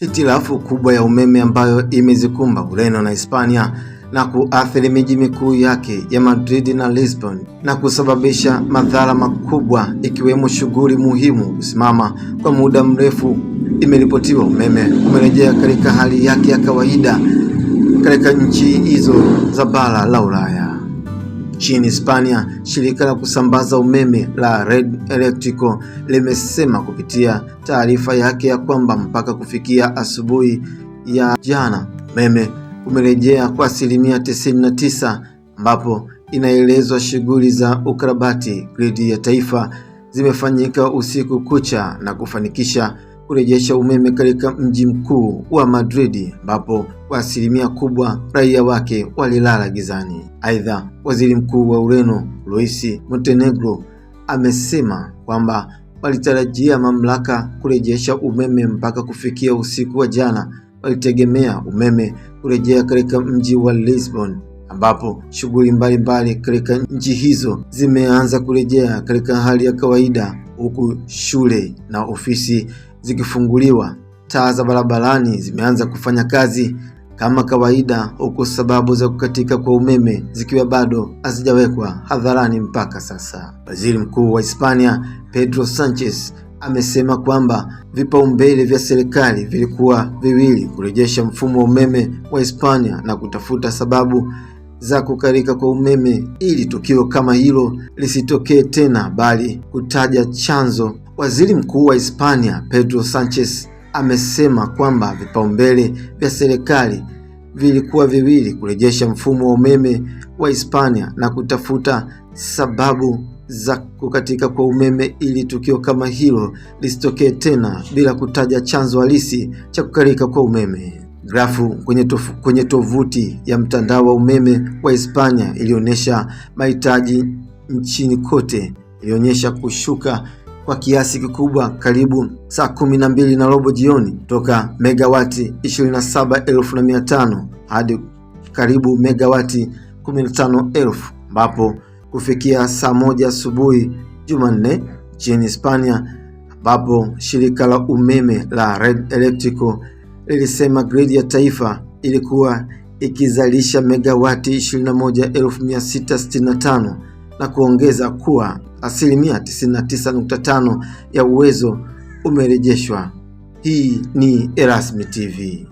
Hitilafu kubwa ya umeme ambayo imezikumba Ureno na Hispania na kuathiri miji mikuu yake ya Madrid na Lisbon na kusababisha madhara makubwa ikiwemo shughuli muhimu kusimama kwa muda mrefu. Imeripotiwa umeme umerejea katika hali yake ya kawaida katika nchi hizo za bara la Ulaya. Nchini Hispania, shirika la kusambaza umeme la Red Eléctrico limesema kupitia taarifa yake ya kwamba mpaka kufikia asubuhi ya jana umeme umerejea kwa asilimia 99, ambapo inaelezwa shughuli za ukarabati gridi ya taifa zimefanyika usiku kucha na kufanikisha kurejesha umeme katika mji mkuu wa Madrid ambapo kwa asilimia kubwa raia wake walilala gizani. Aidha, waziri mkuu wa Ureno Luis Montenegro amesema kwamba walitarajia mamlaka kurejesha umeme mpaka kufikia usiku wa jana. Walitegemea umeme kurejea katika mji wa Lisbon ambapo shughuli mbalimbali katika nchi hizo zimeanza kurejea katika hali ya kawaida, huku shule na ofisi zikifunguliwa, taa za barabarani zimeanza kufanya kazi kama kawaida, huku sababu za kukatika kwa umeme zikiwa bado hazijawekwa hadharani mpaka sasa. Waziri Mkuu wa Hispania Pedro Sanchez amesema kwamba vipaumbele vya serikali vilikuwa viwili: kurejesha mfumo wa umeme wa Hispania na kutafuta sababu za kukatika kwa umeme ili tukio kama hilo lisitokee tena, bali kutaja chanzo Waziri Mkuu wa Hispania Pedro Sanchez amesema kwamba vipaumbele vya serikali vilikuwa viwili, kurejesha mfumo wa umeme wa Hispania na kutafuta sababu za kukatika kwa umeme ili tukio kama hilo lisitokee tena, bila kutaja chanzo halisi cha kukatika kwa umeme. Grafu kwenye, tof, kwenye tovuti ya mtandao wa umeme wa Hispania ilionyesha mahitaji nchini kote, ilionyesha kushuka kwa kiasi kikubwa karibu saa kumi na mbili na robo jioni toka megawati 27,500 hadi karibu megawati 15,000 ambapo kufikia saa moja asubuhi Jumanne nchini Hispania, ambapo shirika la umeme la Red Electrical lilisema gridi ya taifa ilikuwa ikizalisha megawati 21,665 na kuongeza kuwa asilimia 99.5 ya uwezo umerejeshwa. Hii ni Erasmi TV.